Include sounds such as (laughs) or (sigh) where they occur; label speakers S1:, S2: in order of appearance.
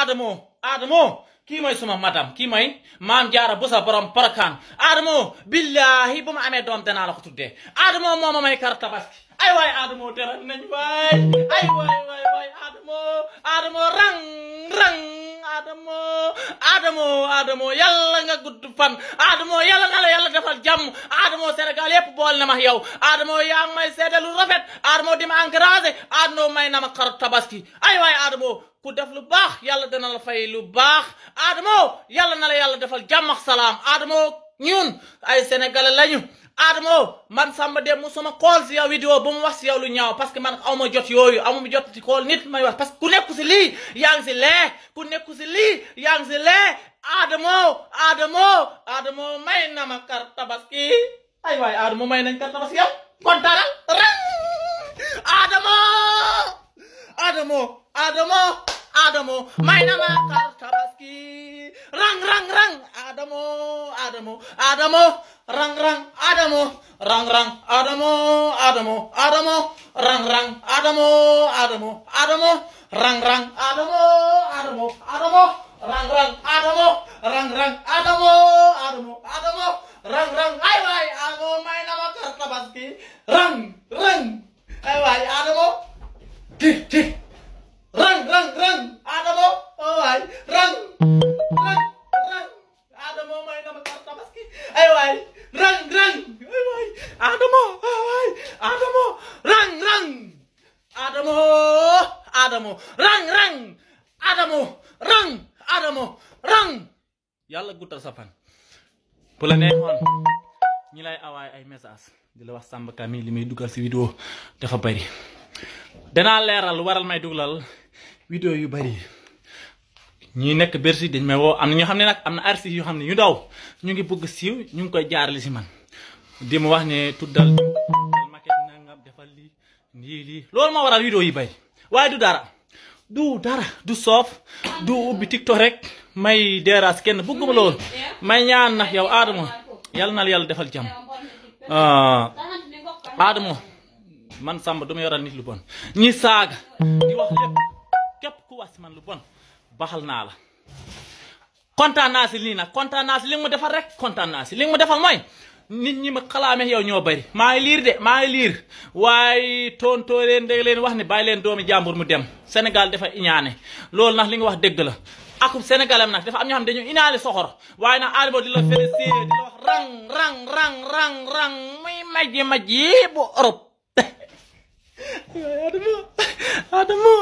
S1: aadamoo aadamoo kii mooy suma madam kii mooy maam jaara bu sa borom parakaan aadamoo billaahi bu ma amee doom danaa la ko tuddee aadamoo moo ma may kar tabaski ay waay aadamoo teral nañ waay ay waay waay waay aadamoo rang rang aadamoo aadamoo nga gudd fan aadamoo yàlla nga la defal jàmm Adamo Sénégal yépp bool na ma yow Adamo yaa may seede lu rafet Adamo di ma encouragé Adamo may na ma xaru tabaski ay waay Adamo ku def lu baax yàlla dana la fay lu baax Adamo yàlla na la yàlla defal jàmm ak salaam Adamo ñun ay sénégalais lañu Adamo man Samba Dem musuma xool si yow vidéo ba mu wax si yow lu ñaaw parce que man awma jot yooyu amuma jot ci xool nit may wax parce que ku nekku si lii yang si lee ku nekku si lii yaa si lee Adamo Adamo Adamo may na ma kar tabaski ay waay Adama may nañ ka tabaski yow kontaaral ren Adama Adama Adama Adama may na ma kar tabaski rang rang rang Adama Adama Adama rang rang Adama rang rang Adama Adama Adama rang rang Adama Adama Adama rang rang Adama Adama Adama rang rang Adama rang rang Adama Adama Adama rang rang ay waay Adamo may na ma kar tabaski rang rang ay waay Adamo ti ti rang rang rang Adamo ay waay rang rang rang Adamo may na ma kar tabaski ay waay rang rang ay waay Adamo ay waay Adamo rang rang Adamo Adamo rang rang Adamo rang Adamo rang yàlla guddal sa fan bu la neexoon ñi lay awaay ay message di la wax Samba Ka li muy duggal si vidéo dafa bëri danaa leeral waral may dugalal vidéo yu bari ñi nekk Bercy dañ may woo am na ñoo xam ne nag am na artistes yoo xam ne ñu daw ñu ngi bëgg siiw ñu ngi koy jaarale si man di ma wax ne tuddal maquette nangam defal lii lii lii loolu moo waral vidéo yi bëri waaye du dara du dara du soof du ubbi tiktok rek may déraas kenn bëgguma loolu may ñaan nag yow Adamo yal nal yàlla defal jam ah, Adamo man Samba du ma yoral nit lu bon ñi saaga di wax ku wax man lu bon baxal naala kontaan naa si lii nag kontaan naa si li ma defal rek kontaan naa si li nga ma defal mooy nit ñi ma xalaame yow ñoo bari maa liir de maa ngi liir waaye tontóoreen dégg leen wax ni bàyyi leen doomi jàmbur mu dem Sénégal dafa iñaane loolu nax li nga wax dëgg la akub Sénégal am nag dafa am ñoo xam ne dañu soxor waaye nag aali bo di la félicité di rang rang rang muy majji majji bu Europe (laughs) Adama